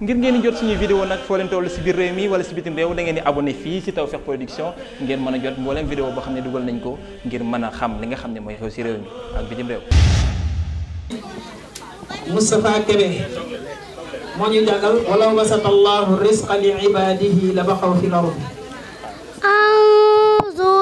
ngir ngeen jot suñuy vidéo nag foo leen toll si biir réew mi wala si bitim réew da ngeen di abonné fii si Tawfekh Production ngeen mën a jot mbooleem vidéo boo xam ne dugal nañ ko ngir mën a xam li nga xam ne moo xew si réew mi ak bitim réew Moustapha Kébé moo ñu jàngal walaw basata allahu risqa li ibadihi la baxaw fi lard anzu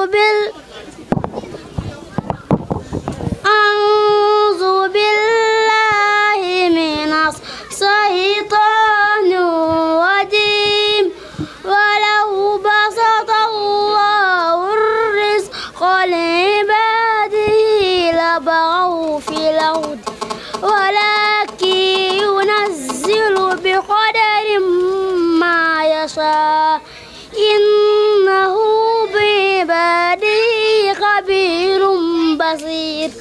بصير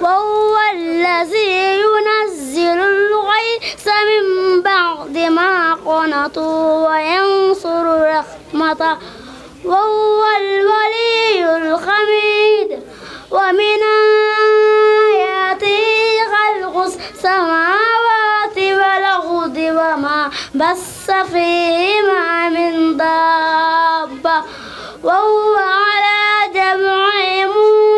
وهو الذي ينزل الغيث من بعد ما قنطوا وينصر رحمته وهو الولي الحميد ومن آياته خلق السماوات والأرض وما بث فيهما من دابة وهو على جمعهم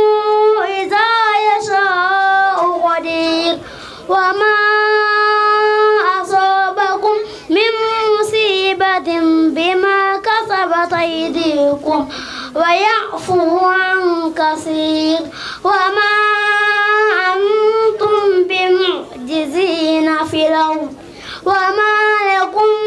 وما أصابكم من مصيبة بما كسبت أيديكم ويعفو عن كثير وما أنتم بمعجزين في الأرض وما لكم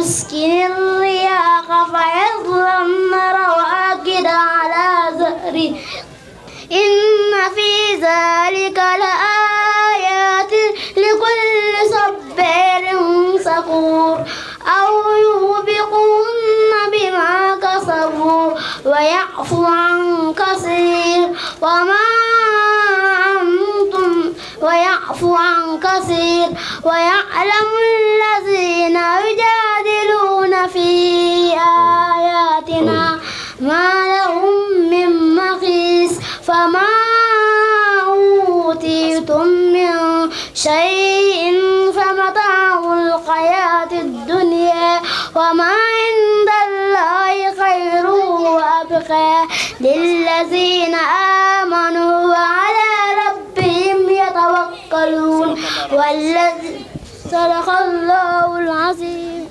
مسكين الرياح فيظلمن رواكد على زهره إن في ذلك لآيات لكل صبر شكور أو يوبقهن بما كسبوا ويعفو عن كثير وما أنتم ويعفو عن كثير ويعلم الذين يجاهدون ما لهم من مغيص فما أوتيتم من شيء فمتاع الحياة الدنيا وما عند الله خير وأبقى للذين آمنوا وعلى ربهم يتوكلون والذي صدق الله العظيم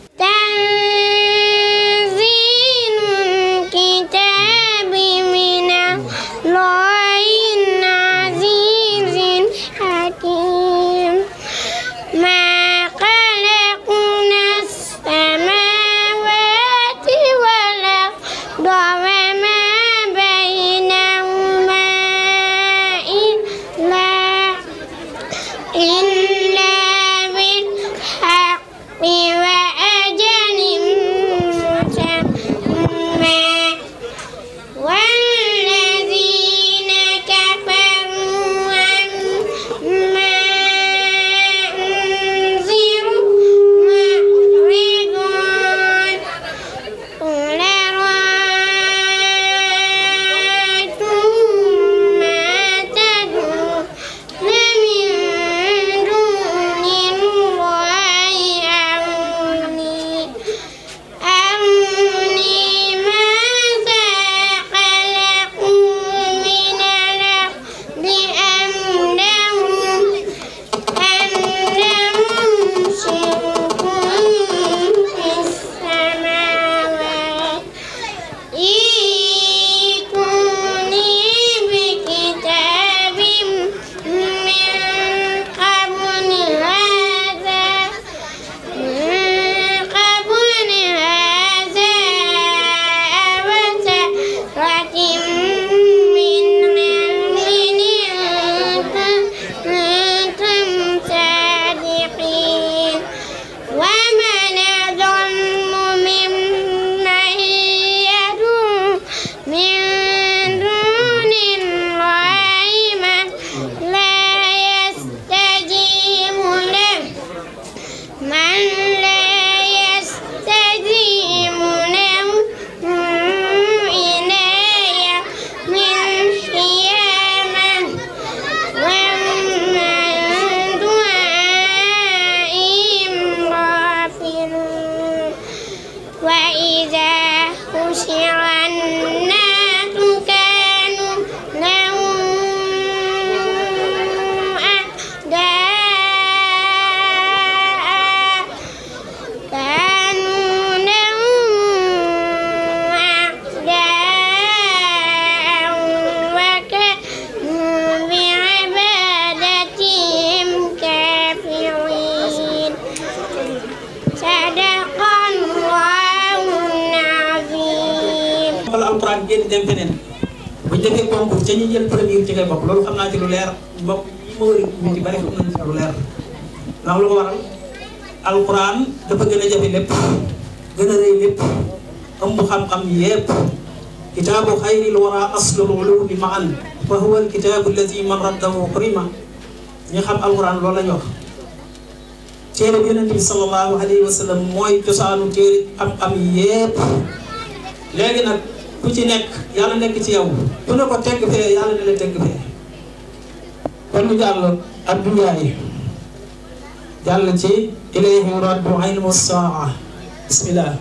man raddahu kurima ñu xam alxuraan loolu la ñu wax téere bi yonente bi sallallahu alayhi wa sallam mooy cosaanu téere am am yépp léegi nag ku ci nekk yàlla nekk ci yow ku ne ko tegg fee yàlla ne la tegg fee kon ñu jàll ak dunyaa yi ci ilayhi raddu ilmu saa bismillah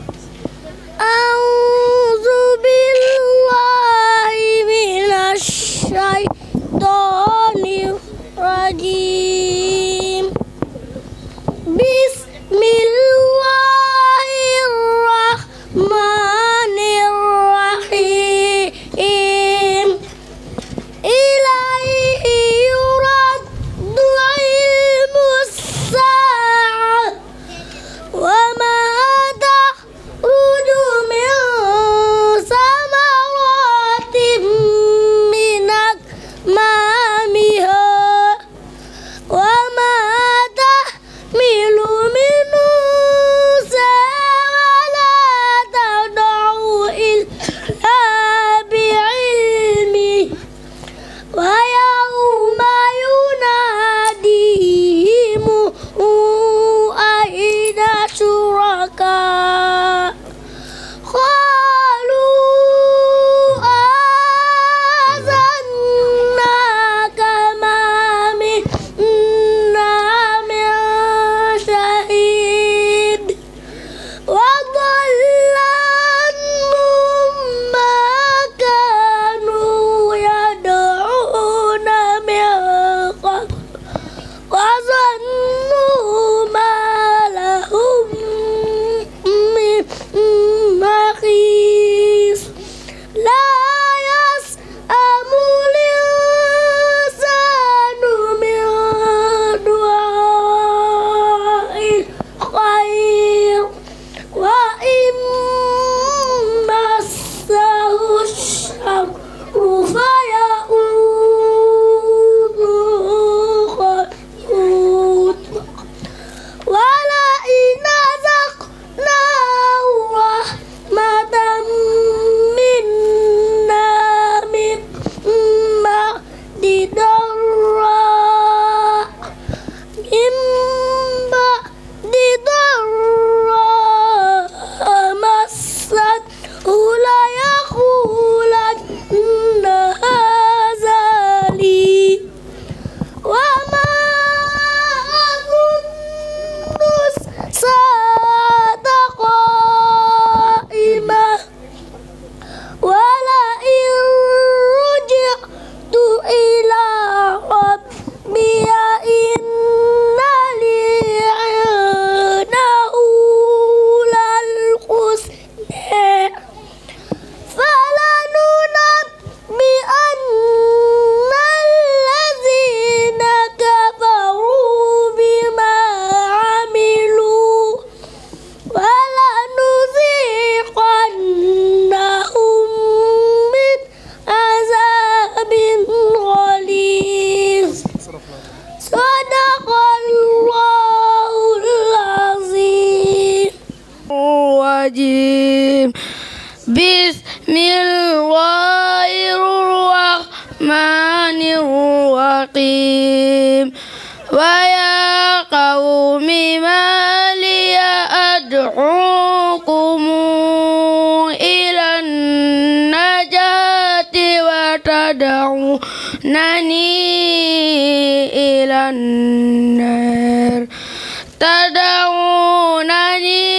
الشيطان الرجيم إلى النار تدعونني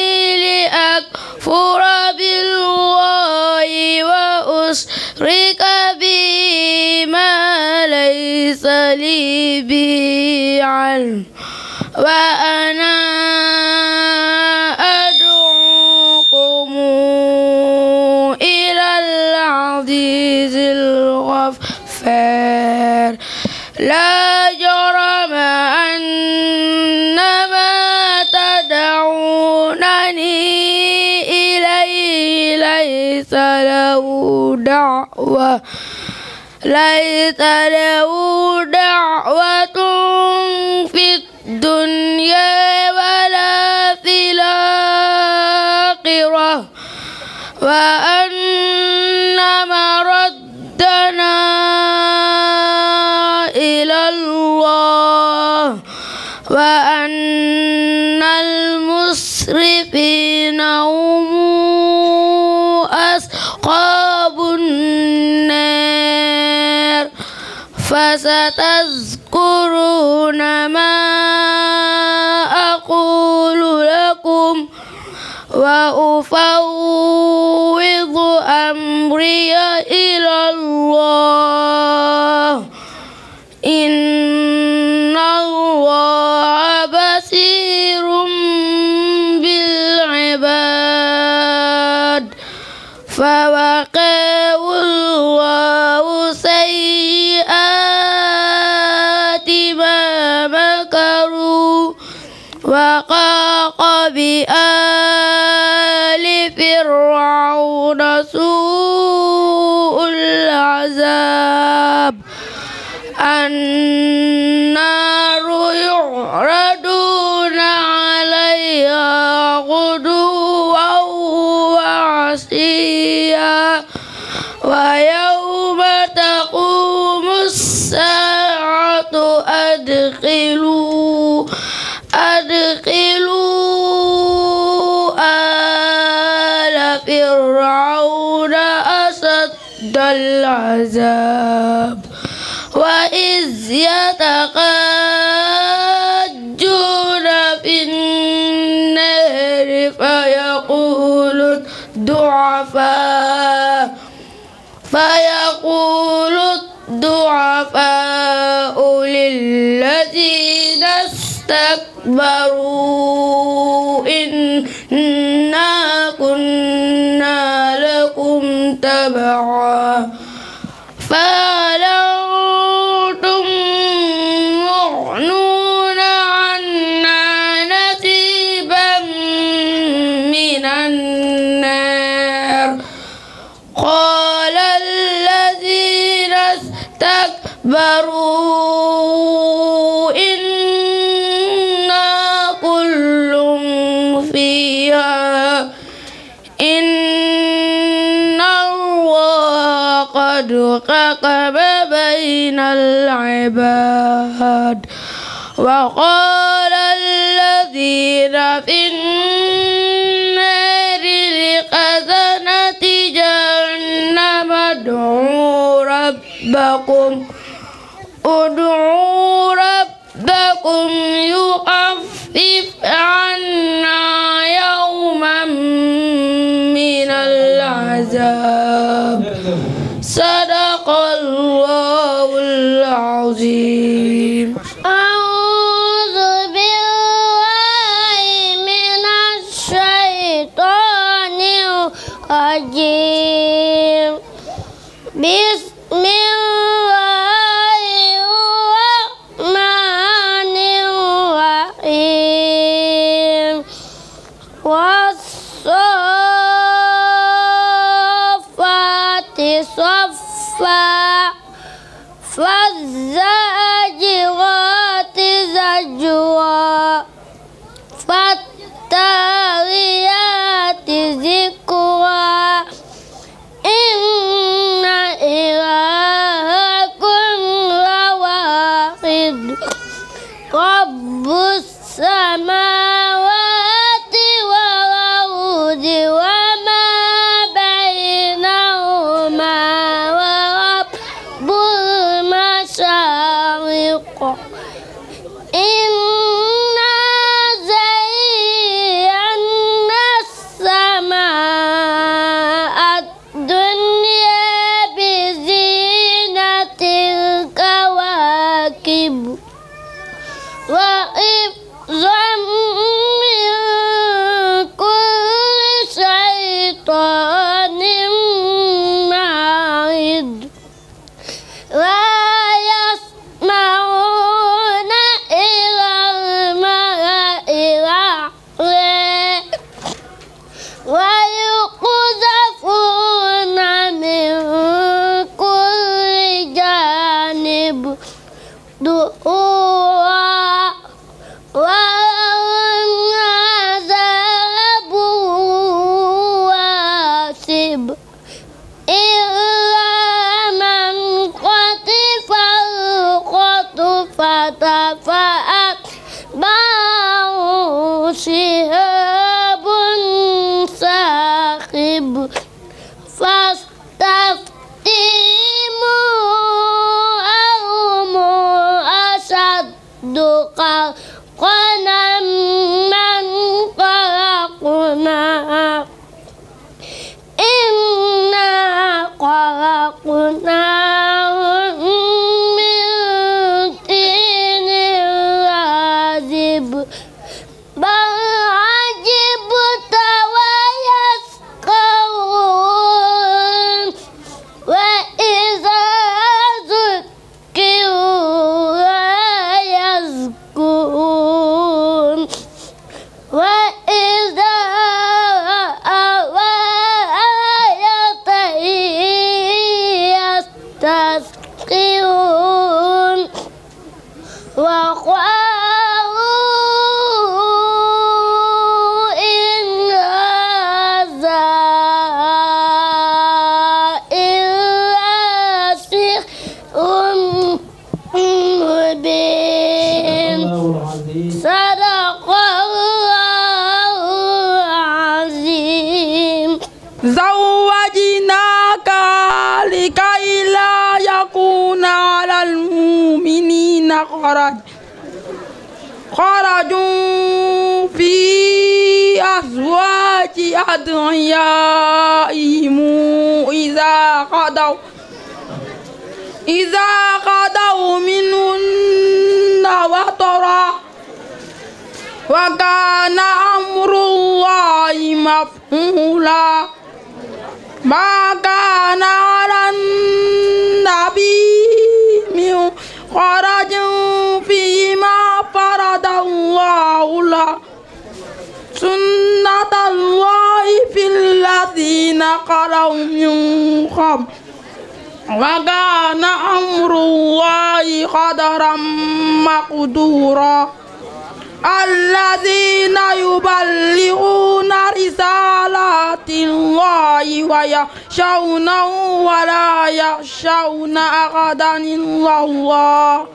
لأكفر بالله وأشرك به ما ليس لي به علم وأنا أدعوكم إلى العزيز الغفار لا جرم أن ما تدعونني إليه ليس له دعوة ليس له دعوة في الدنيا ولا في الآخرة وأن مردنا وأن المسرفين هم أصحاب النار فستذكرون ما أقول لكم وأفوض أمري إلى الله ويوم تقوم الساعة أدخلوا أدخلوا آل فرعون أشد العذاب وإذ يتقاجون في النار فيقول الضعفاء فيقول الضعفاء للذين استكبروا إنا كنا لكم تبعا وققب بين العباد وقال الذين في النار لخزنة جهنم ادعوا ربكم ادعوا ربكم يخفف عنا يوما من العذاب sadaqallaahu al-aziim بسم الله خراج خرج في أزواج أدعيائهم إذا قضوا إذا قضوا منهن وطرا وكان أمر الله مفعولا ما كان على النبي من خرج فيما فرض الله له سنة الله في الذين خلوا من قبل وكان أمر الله قدرا مقدورا الذين يبلغون رسالات الله ويخشونه ولا يخشون أحدا إلا الله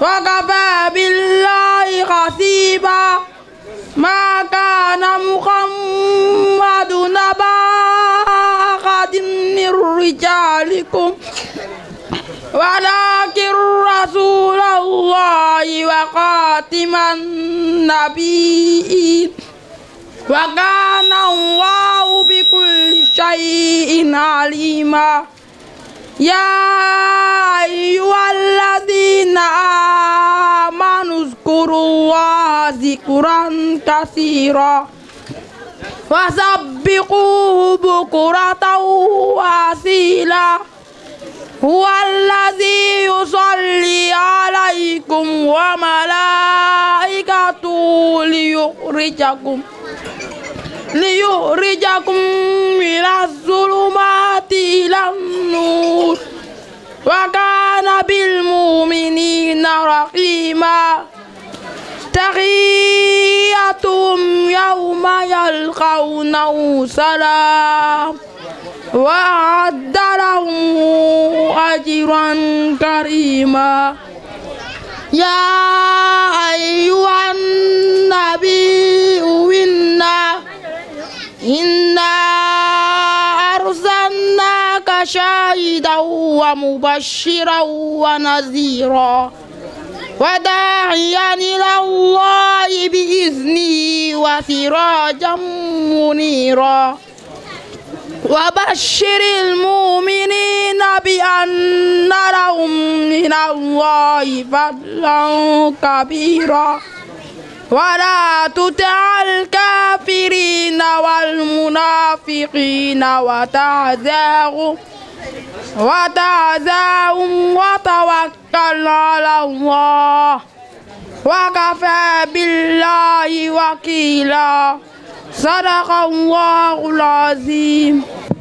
وكفى بالله حسيبا ما كان محمد نبا أحد من رجالكم ولكن رسول الله وخاتم النبيين وكان الله بكل شيء عليما يا أيها الذين آمنوا اذكروا الله ذكرا كثيرا وسبقوه بكرة وأصيلا هو الذي يصلي عليكم وملائكته ليخرجكم ليخرجكم من الظلمات إلى النور وكان بالمؤمنين رحيما تحيتهم يوم يلقونه سلام وأعد لهم أجرا كريما يا أيها النبي إنا إنا أرسلناك شاهدا ومبشرا ونذيرا وداعيا إلى الله بإذنه وسراجا منيرا وبشر المؤمنين بأن لهم من الله فضلا كبيرا ولا تطع الكافرين والمنافقين وتعزاهم وتعزاهم وتوكل على الله وكفى بالله وكيلا صدق الله العظيم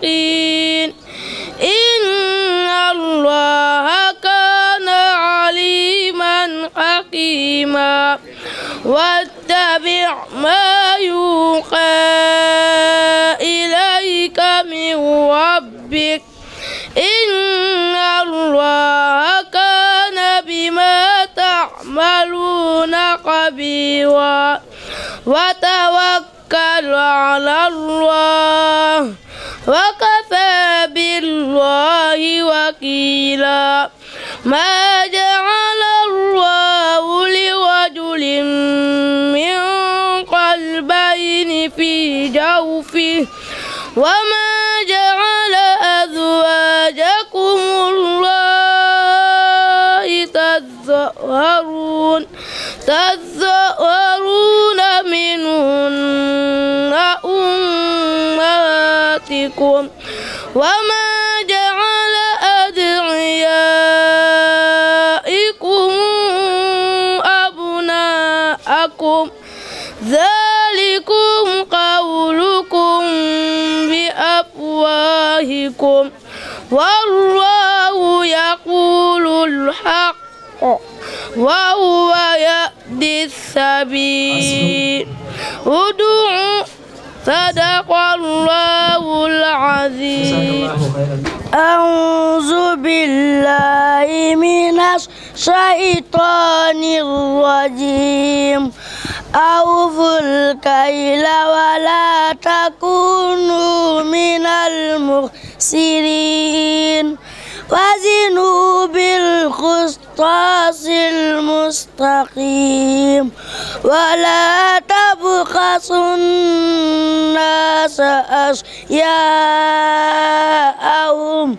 حكيما واتبع ما يوحى إليك من ربك إن الله كان بما تعملون خبيرا وتوكل على الله وكفى بالله وكيلا ما جعل الله لرجل من قلبين في جوفه وما جعل أزواجكم الله تظهرون تذكرون منهن أمهاتكم وما جعل أدعيائكم أبناءكم ذلكم قولكم بأفواهكم والله يقول الحق وهو يأتي يهدي السبيل ادعوا صدق الله العظيم أعوذ بالله من الشيطان الرجيم أوفوا الكيل ولا تكونوا من المخسرين وزنوا بالقسطاس المستقيم ولا تبخسوا الناس أشياءهم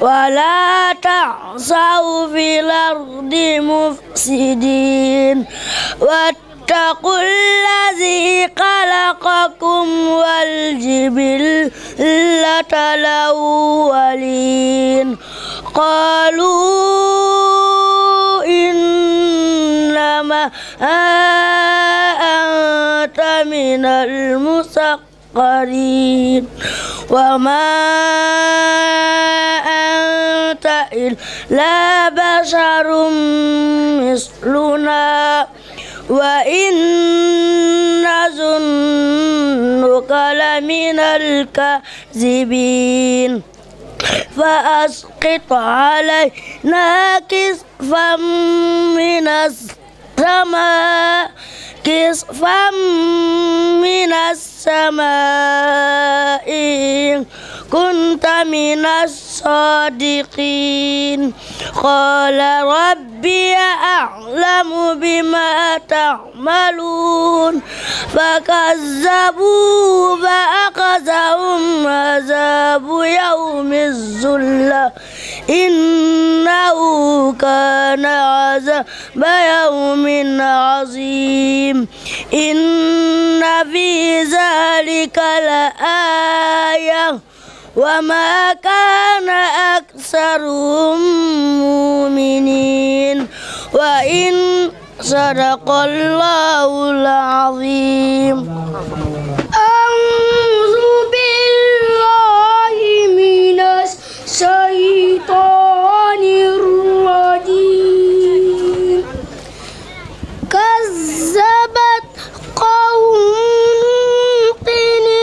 ولا تعثوا في الأرض مفسدين واتقوا الذي خلقكم والجبلة الأولين قالوا إنما أنت من المسقرين وما أنت إلا بشر مثلنا وإن نظنك لمن الكاذبين فأسقط علينا كسفا من السماء كسفا من السماء كنت من الصادقين قال ربي أعلم بما تعملون فكذبوه فأخذهم عذاب يوم الظلة إنه كان عذاب يوم عظيم إن في ذلك لآية وما كان أكثرهم مؤمنين وإن صدق الله العظيم أعوذ بالله من الشيطان الرجيم كذبت قوم لوط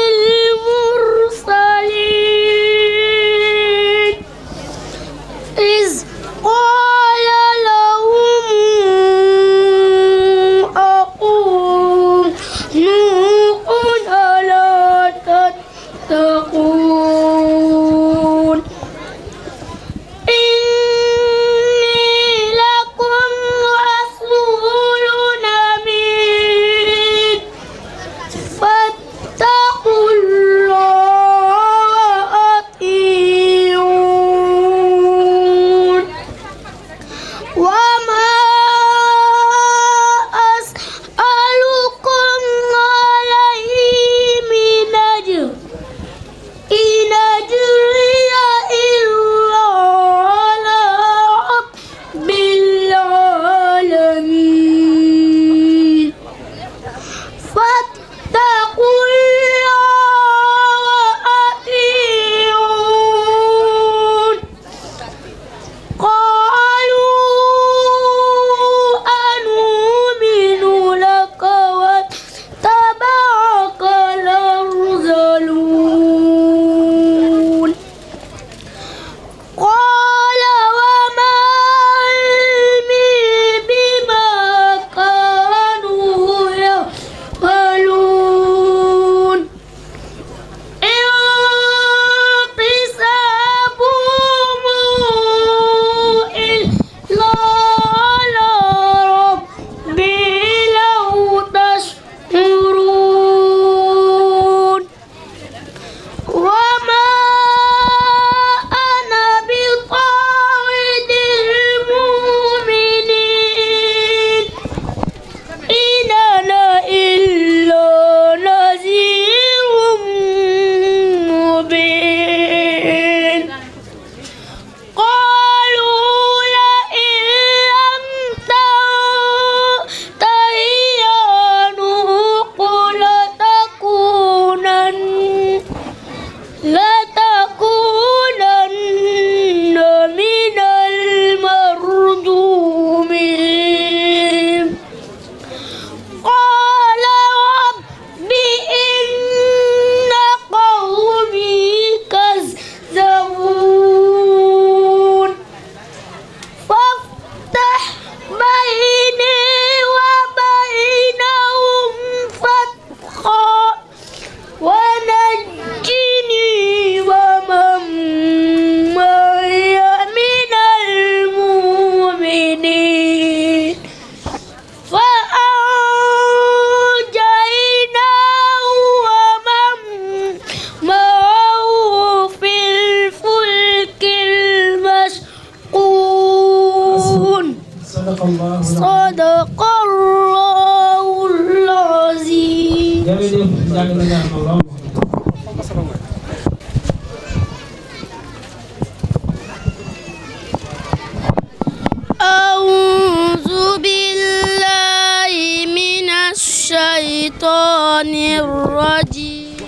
الرجيم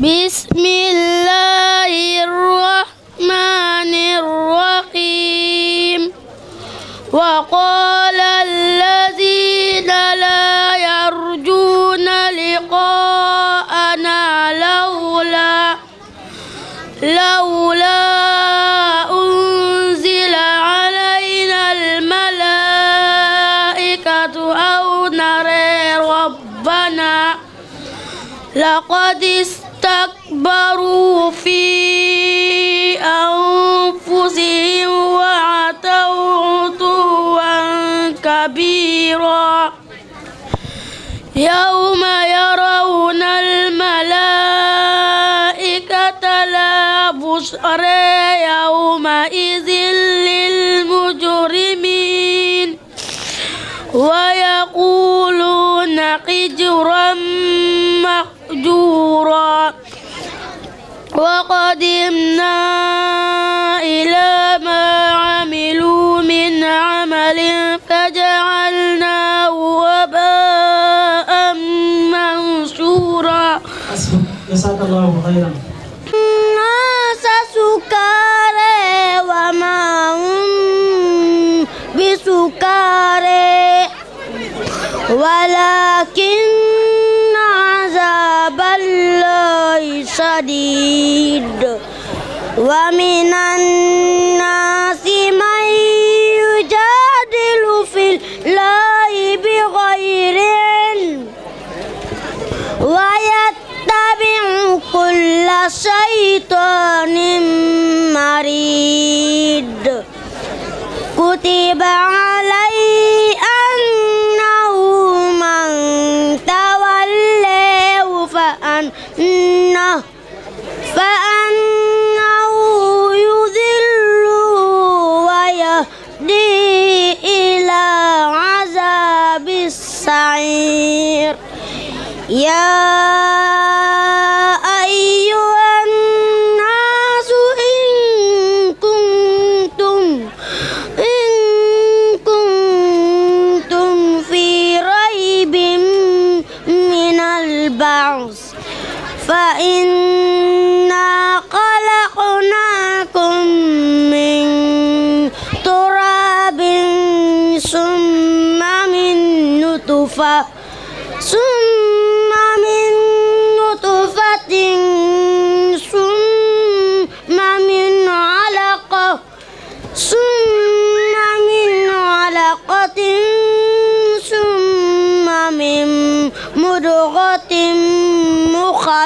بسم الله الرحمن الرحيم وقال استكبروا في أنفسهم وعتوا عتوا كبيرا يوم يرون الملائكة لا بشرى يومئذ للمجرمين ويقولون حجرا مهجورا وقدمنا إلى ما عملوا من عمل فجعلناه وباء منصورا جزاك الله خيرا الناس سكارى وما هم بسكارى ولكن عذاب الله شديد ومن الناس من يجادل في الله بغير علم ويتبع كل شيطان مريد كتب يا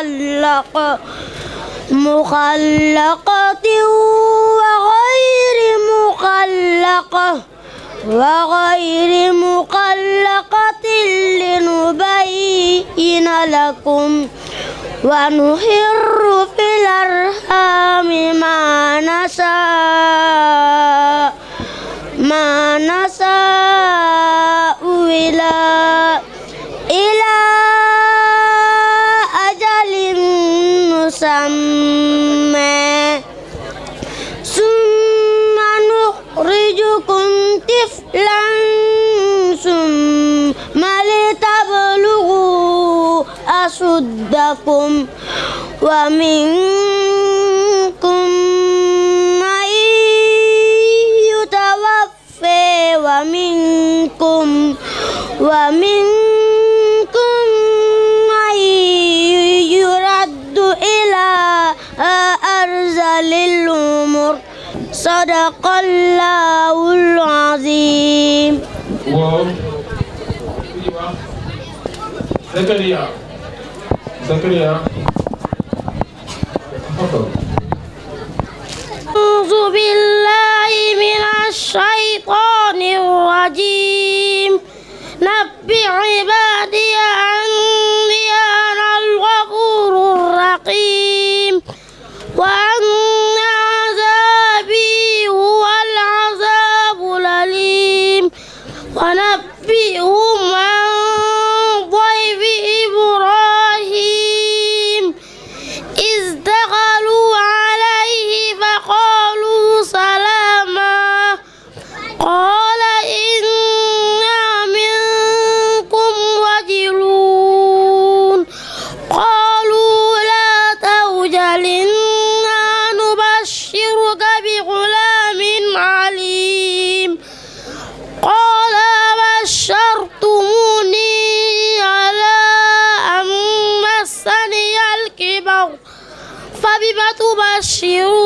مخلقة مخلقة وغير مخلقة وغير مخلقة لنبين لكم ونحر في الأرحام ما نشاء ما نشاء إلى مسمى ثم نخرجكم طفلا ثم لتبلغوا أشدكم ومنكم من يتوفى ومنكم ومنكم للأمور صدق الله العظيم waaw Zakaria Zakaria أعوذ بالله من الشيطان الرجيم نبئ عبادي يوم wish you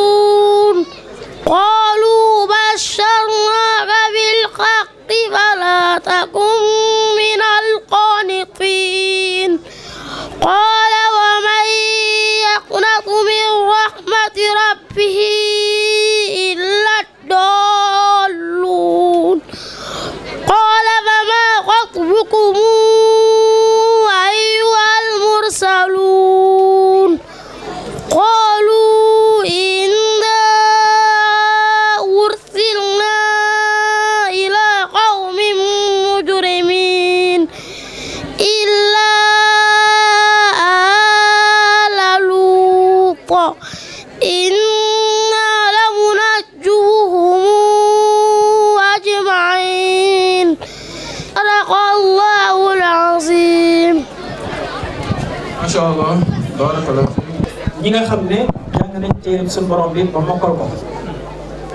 ñi nga xam ne jàng nañ téere suñu borom bi ba mokkal ko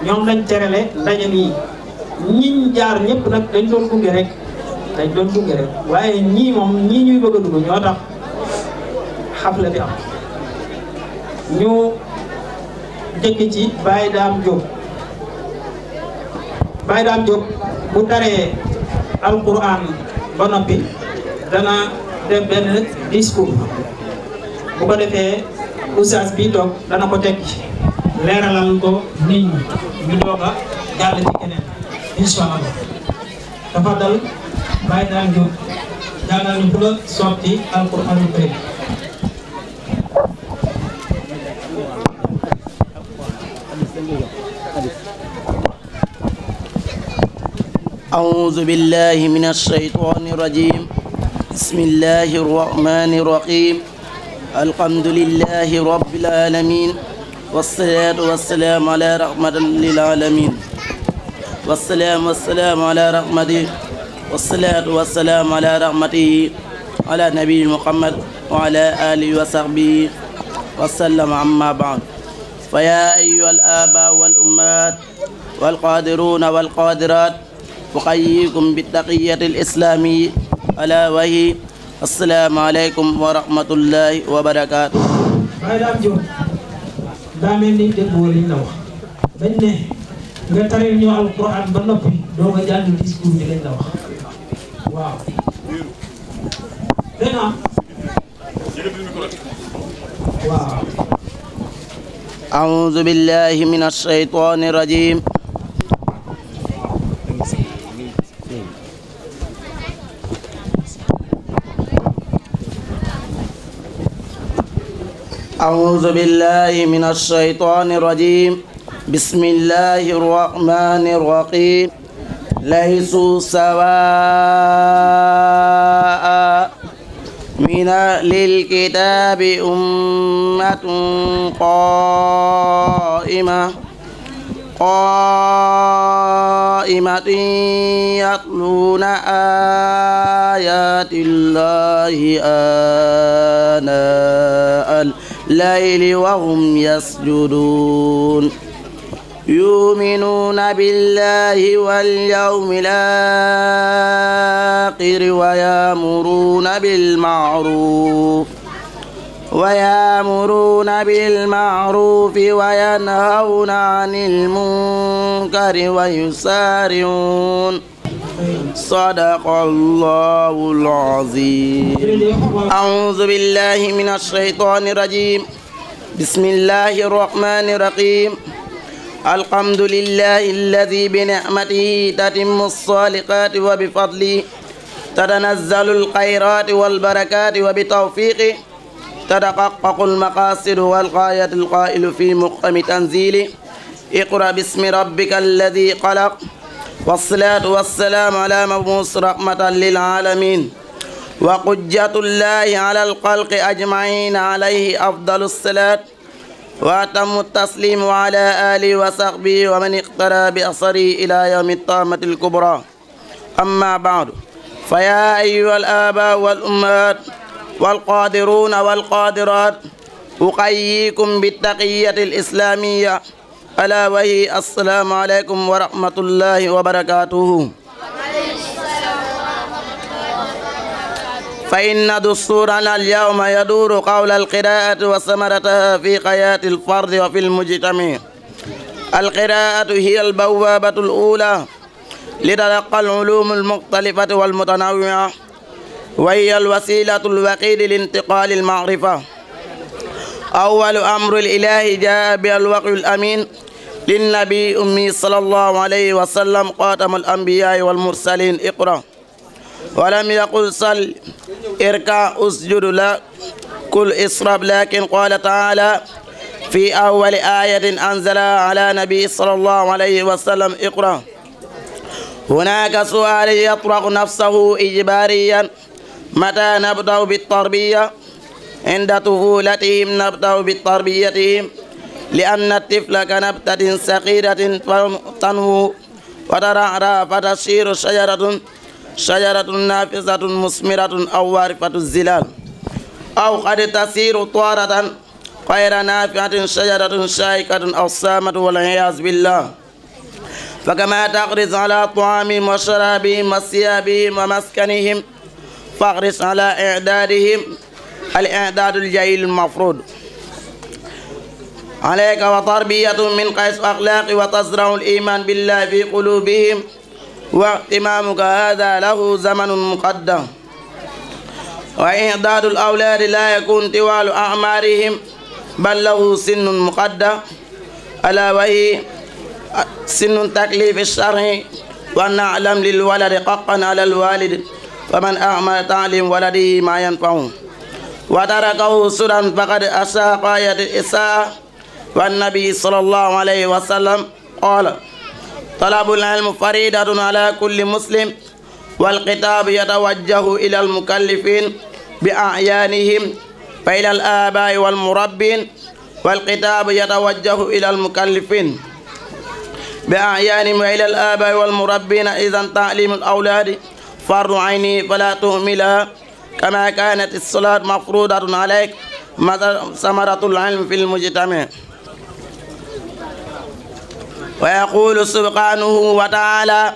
ñoom lañ cere le yi ñiñ jaar ñépp nag dañ doon gunge rek dañ doon gunge rek waaye ñii moom ñii ñuy bëgg a dugg ñoo tax xafla bi am ñu jëkk ci Baye Dame Diop Baye Dame bu taree alquran ba noppi dana def benn discours bu ko defee oustaz bi toog dana ko teg leeralal ko nit ñi ñu doog a jàll ci keneen incha allah dafa dal bàyyi daal ñu jàngal ñu bu la soob ci alquranul karim أعوذ بالله من الشيطان الرجيم بسم الله الرحمن الرحيم alhamdulillahi rabbil alamin wassalaatu wassalaamu ala rahmatin lil alamin wassalaam wassalaam ala rahmati wassalaatu wassalaam ala rahmatihi ala nabi muhammad wa ala alihi wa sahbihi wasallam amma baad fa ya ayyuha al aba wal ummat wal qadiruna wal qadirat uqayyikum bittaqiyati al islamiyyi ala wahi asalaamaaleykum wa rahmatullahi wa barakaatu. waaye daal Diop daa mel ni déggoo liñ la wax dañ ne nga taril ñu alquran ba noppi doo nga jàng discours bi lañ la wax waaw. dégg nga. waaw. أعوذ بالله من الشيطان الرجيم أعوذ بالله من الشيطان الرجيم بسم الله الرحمن الرحيم ليسوا سواء من للكتاب أمة قائمة قائمة يتلون آيات الله آناء الليل وهم يسجدون يؤمنون بالله واليوم الآخر ويأمرون بالمعروف ويأمرون بالمعروف وينهون عن المنكر ويسارعون صدق الله العظيم أعوذ بالله من الشيطان الرجيم بسم الله الرحمن الرحيم الحمد لله الذي بنعمته تتم الصالحات وبفضله تتنزل الخيرات والبركات وبتوفيقه تتحقق المقاصد والغاية القائل في مقام تنزيله اقرأ باسم ربك الذي خلق والصلاة والسلام على مبعوث رحمة للعالمين وحجة الله على الخلق أجمعين عليه أفضل الصلاة وأتم التسليم وعلى آله وصحبه ومن اقترى بأثره إلى يوم الطامة الكبرى أما بعد فيا أيها الآباء والأمهات والقادرون والقادرات أقيكم بالتقية الإسلامية alaa wayi assalaamu aleykum wa rahmatullahi wa barakaatuhu fa inna dustuurana alyawma yaduuru qawla alqiraa'ati wa samarataha fi xayaati alfardi wa fi almujtami alqiraa'atu hiya albawaabatu alula litalaqqa aluluumu almuxtalifati walmutanawia wa hiya alwasilatu alwaqiidi lintiqaali almacrifa awwalu amri lilahi jaa bi alwaqyu alamin للنبي أمي صلى الله عليه وسلم خاتم الأنبياء والمرسلين اقرأ ولم يقل صل اركع اسجد لا كل اصرب لكن قال تعالى في أول آية أنزلها على نبي صلى الله عليه وسلم اقرأ هناك سؤال يطرق نفسه إجباريا متى نبدأ بالتربية عند طفولتهم نبدأ بتربيتهم لأن الطفل كنبتة صغيرة تنمو وترعرع فتشير شجرة شجرة نافذة مثمرة أو وارفة الظلال أو قد تسير طارة غير نافعة شجرة شائكة أو صامة والعياذ بالله فكما تغرس على طعامهم وشرابهم وثيابهم ومسكنهم فاغرس على إعدادهم الإعداد الجيل المفروض alayka wa tarbiyatu min qays akhlaqi wa tasrau liman billah fi qulubihim wa ihtimamuka hada lahu zamanun muqaddam wa idadu l awlaadi la yakun tiwalu amarihim bal lahu sinnun muqaddam ala wahi sinnun taklifi lcharhi wa nalam lilwaladi haqqan ala lwalid wa man amala taalim waladihi ma yanfahu wa tarakahu sudan faqad asaa qayat isaa والنبي صلى الله عليه وسلم قال طلب العلم فريدة على كل مسلم والخطاب يتوجه إلى المكلفين بأعيانهم فإلى الآباء والمربين والخطاب يتوجه إلى المكلفين بأعيانهم وإلى الآباء والمربين إذا تعليم الأولاد فرض عينه فلا تهملها كما كانت الصلاة مفروضة عليك ثمرة العلم في المجتمع ويقول سبحانه وتعالى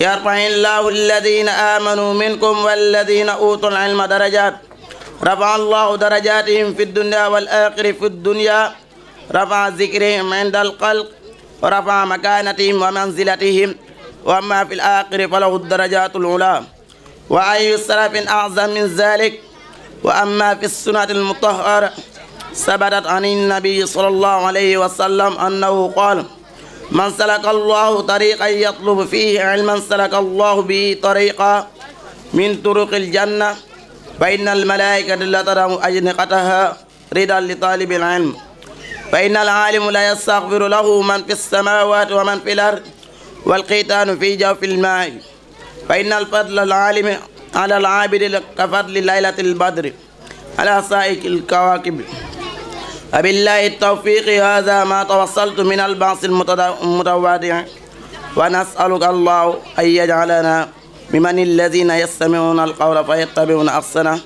يرفع الله الذين آمنوا منكم والذين أوتوا العلم درجات رفع الله درجاتهم في الدنيا والآخرة في الدنيا رفع ذكرهم عند الخلق ورفع مكانتهم ومنزلتهم وأما في الآخرة فله الدرجات العلى وأي سلف أعظم من ذلك وأما في السنة المطهرة ثبتت عن النبي صلى الله عليه وسلم أنه قال man salaka allahu tariqan yatlubu fihi ilman salaka allahu bihi tariqa min turuqil janna fa inna almalaikata la taramu ajniqataha ridan li talibil ilm fa inna alalimu la yastaghfiru lahu man fi lsamawati wa man fi l ard walqitaanu fi jawfi lmaai fa inna alfadla alalimi ala alabidi ka fadli laylati albadri ala saiki alkawakibi وبالله التوفيق هذا ما توصلت من البعث المتواضع ونسألك الله أن يجعلنا ممن الذين يستمعون القول فيتبعون أحسنه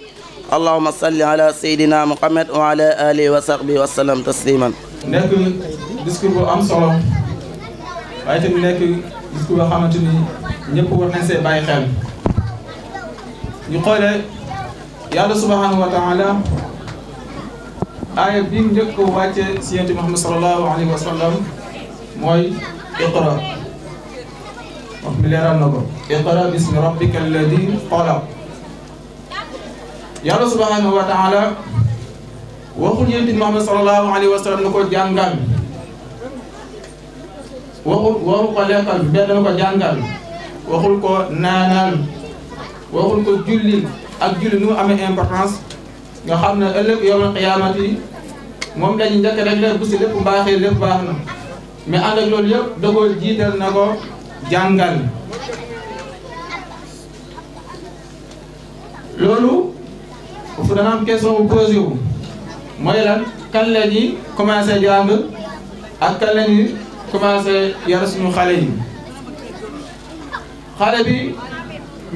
اللهم صل على سيدنا محمد وعلى آله وصحبه وسلم تسليما nekk discours bu am solo waaye tamit nekk discours boo xamante ni ñëpp war nañ see bàyyi xel ñu xoolee yàlla subhanahu wa taala aaya bi njëkk wàcce si yonent Muhammad sallallahu alayhi wa mooy iqra wax mi leeral na ko iqra bismi rabbika alladi xalaq yàlla wa taala waxul yonent Muhammad sallallahu wa sallam na ko jàngal waxul waxul ko lekkal benn na ko jàngal waxul ko nga xam ne ëllëg yowmal qiyaamati moom lañu njëkk rek leer bu si lépp baaxee lépp baax na mais ànd ak loolu yëpp dogoo jiital na ko jàngal loolu foofu dana am question bu posé wu mooy lan kan la ñuy commencé jàng ak kan la ñuy commencé yar suñu xale yi xale bi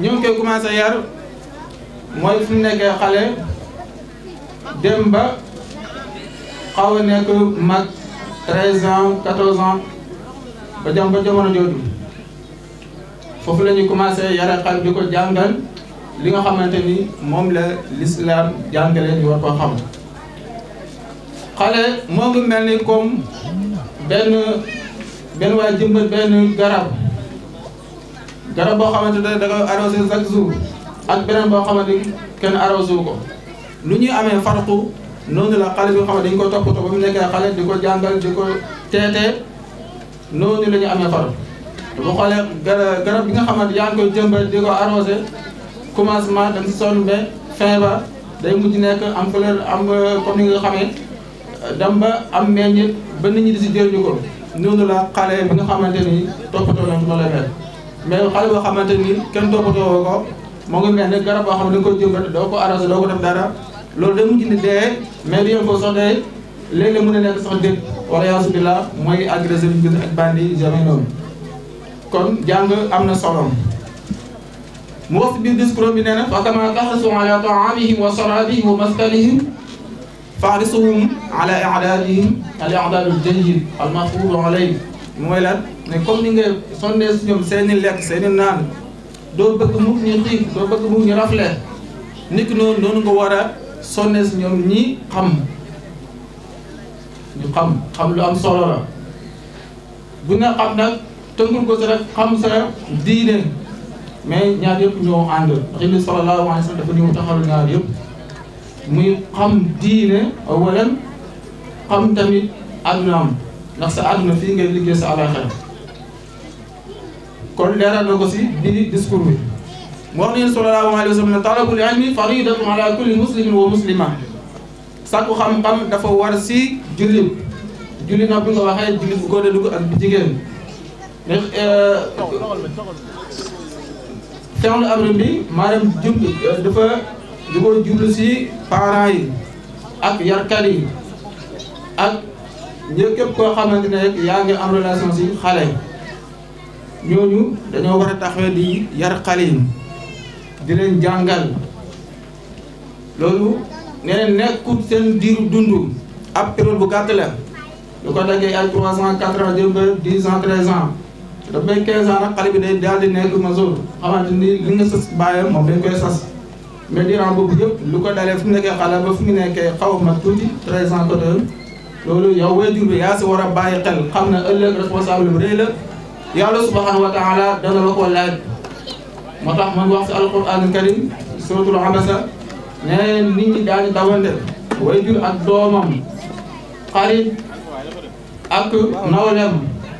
ñu ngi koy commencé yar mooy fu mu nekkee xale. dem ba xaw a nekk mag 13 ans 14 ans ba jam ba jamono jooju foofu la ñu commencé yare xale di ko jàngal li nga xamante ni moom la l'islam jàngale ñu war koo xam xale moo ngi mel ni comme benn benn waay jëmbat benn garab garab boo xamante ne da nga arrosé chaque jour ak beneen boo xamante kenn arrosé wu ko lu ñuy amee farqu noonu la xale bi nga xam ko toppatoo ba mu nekkee xale di ko jàngal di ko teetee la ñu amee farqu bu xoolee garab garab bi nga xamante yaa ngi koy jëmbat di ko arrosé commencement da nga si sonn ba fin ba day mujj nekk am fleur am comme ni nga xamee dem ba am meññit ba nit ñi di si jëriñu ko noonu la xale bi nga xamante ni toppatoo nañ noonu la mel mais xale boo xamante ni kenn toppatoo ko moo ngi mel ne garab boo xam ne da nga koy jëmbat doo ko arrosé doo ko def dara. loolu day mujj ni dee mais li ko soo dee léeg-léeg mën na nekk sax dëkk wala yaasu mooy agressé bi gën ak bandi jamais kon jàng am na solo mu wax biir discours bi nee na fa kama tahrisu ala wa sarabihim wa maskanihim fahrisuhum ala i'dadihim al i'dad al jayyid al mafruud mooy lan ne comme ni nga sonnee si ñoom seeni lekk seeni naan doo bëgg mukk ñu xiif doo bëgg mukk ñu rafle nit noonu noonu nga war sonne si ñoom ñi xam ñu xam xam lu am solo la bu nga xam nag tënkul ko si rek xam sa diine mais ñaar yëpp ñoo ànd ndax Yonent bi sallallahu alayhi wa sallam dafa ñëw taxalu ñaar yëpp muy xam diine walan xam tamit àdduna am ndax sa àdduna fii ngay liggéey sa àllaaxira kon leeral na ko si biir discours bi mu wax neen sallallahu alayhi wa sallam talabul ilmi faridatun ala kulli muslimin wa muslima sàkku xam-xam dafa war si jullit jullit nag bi nga waxee jullit bu góor a dugg ak jigéen ndax euh, fenlu amri bi maanaam jub dafa di ko jublu si parents yi ak yarkat yi ak ñë képp koo xamante ne rek yaa ngi am relation si xale ñooñu dañoo war a taxawee di yar xale yi di leen jàngal loolu nee na nekkul seen diiru dund ab période bu gàtt la lu ko daggee ay trois cent quatre-vingt jëm ba dix ans treize ans daf bay quinze ans xale bi day daal di nekk majeur xamante ni li nga sas bàyyam moom dañ koy sas mais durant boobu yëpp lu ko dalee fu mu nekkee xale ba fu ngi nekkee xaw ma tuuti treize ans côté loolu yow waajur bi yaa si war a bàyyi xel xam ne ëllëg responsable bu rëy la yàlla subhanahu wa taala dana la ko laaj moo tax man wax si alquranul karim suratul abasa nee nit ñi daañu dawante way jur ak doomam xarit ak nawlem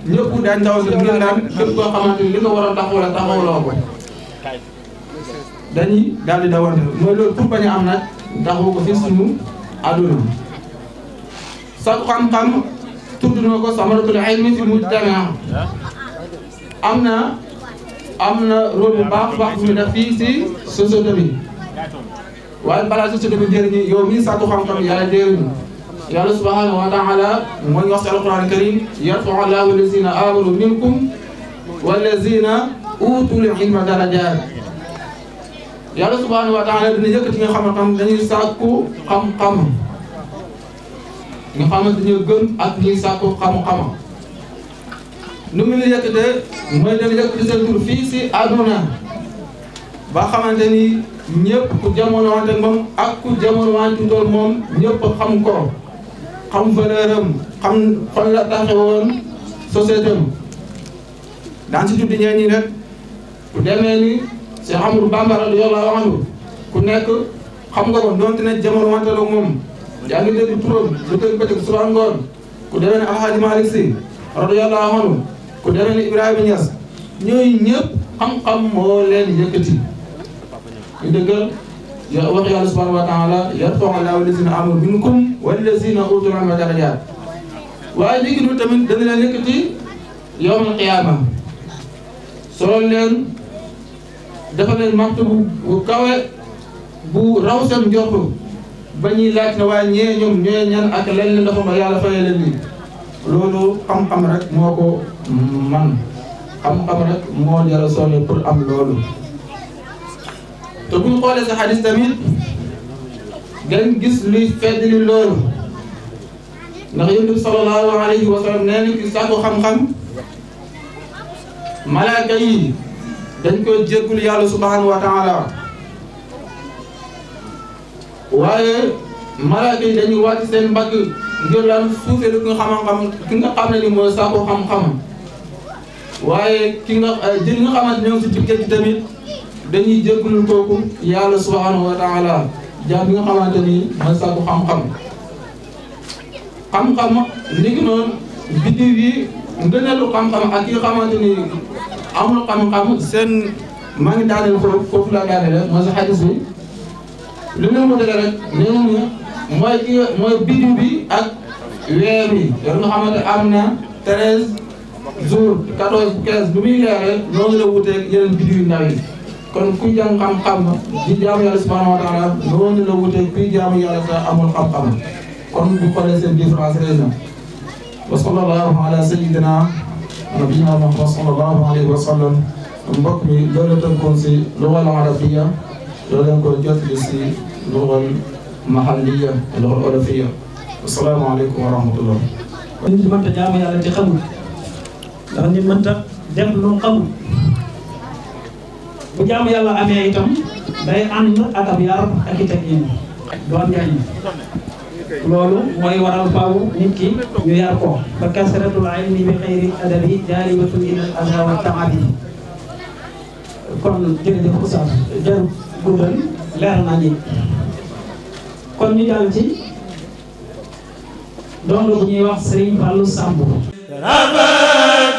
ñëpp daañu dawante ngir daan képp koo xamante ni li nga war a taxaw la taxawloo ko dañuy daal di dawante mooy loolu pour ko fi suñu àdduna sa xam-xam tudd na am na am na rôle bu baax wax ñu ne fii si société bi waaye balaa société bi jëriñu yow mii sàkku xam-xam yàlla jëriñu yàlla subhanahu wa taala mooy wax si alquran karim yarfau llahu allazina amanu minkum wallazina utul ilma darajaat yàlla subhanahu wa taala dina yëkkati nga xam-xam dañuy sàkku xam-xam nga xamante ñu gën ak ñuy sàkku xam-xam nu mu yëkkatee mooy dañu yëkkati seen tur fii si àdduna ba xamante ni ñëpp ku jamono wante moom ak ku jamono wante moom ñëpp xam ko xam valeur am xam xol la taxe woon daan si tuddi ñeen rek ku demee ni si Ahmadou Bamba radiyallahu anhu ku nekk xam nga ko doonte ne jamono wante la moom yaa ngi dégg turam lu dégg bëccëg suba ngoon ku demee ni Alhaji Malick Sy radiyallahu ku demee ni Ibrahima Niass ñooy ñëpp xam-xam moo leen yëkkati ñu dëggal wax yàlla subhanahu wa taala yarfa'u Allahu lazina amanu minkum wallazina utul ilma darajaat waaye léegi ñun tamit dana leen yëkkati yawmal qiyaama solo leen dafa leen bu kawe bu raw seen njort ba ñuy laaj na waa ñee ñoom ñooy ñan ak lenn ndox ma yàlla fayal leen nii loolu xam-xam rek moo ko. man xam-xam rek moo jar a pour am loolu te bu xoolee sa xadis tamit ngeen gis luy feddali loolu ndax yonent bi sallallahu alayhi wa sallam nee xam-xam malaaka yi dañ koy jéggul yàlla subhanahu wa taala waaye malaaka yi dañuy wàcc seen mbagg ngir lan suufee lu xam-xam ki nga xam ne ni mooy sàkku xam-xam waaye ki nga eh, jën nga xamante ñoom si ci géej gi tamit dañuy jégalu kooku yàlla subhanahu wa taala jaam bi nga xamante ni man sàkku xam-xam xam-xam ni ki noonu biddiw ngëneelu xam-xam ak yi xamante ni amul xam-xam seen maa ngi daaneel foofu la laa daaneel eh, mooy sa xadis bi li mu mu dëgg rek nee mooy ki mooy ak weer bi yow nga am na treize jour 14 15 bu muy leeree noonu la wuteeg yeneen biddiw yu ndaw yi kon kuy jàng xam-xam di jaamu yàlla subhanahu wa taala noonu la wuteeg kuy jaamu yàlla te amul xam-xam kon bu xoolee seen différence réer na wa sallallahu ala sayyidina nabiyina Muhammad sallallahu alayhi wa sallam mbokk mi loolu la tënkoon si lugal arabiya loolu la ko jotali si lugal mahaliya lugal olofiya asalaamaaleykum wa rahmatullah. nit ñi mënta jaamu yàlla te xamul. ndax nit mënta def lu xamul bu jaamu yàlla amee itam day ànd ak yar ak i teggin du am loolu mooy waral faaw nit ki ñu yar ko ba kasratul ilmi bi xayri adabi jaalibatun ila al ada wa taadi kon jërëjëf oustaz jarul guddal leer na ni kon ñu dal ci donc bu ñuy wax Serigne Fallou Samb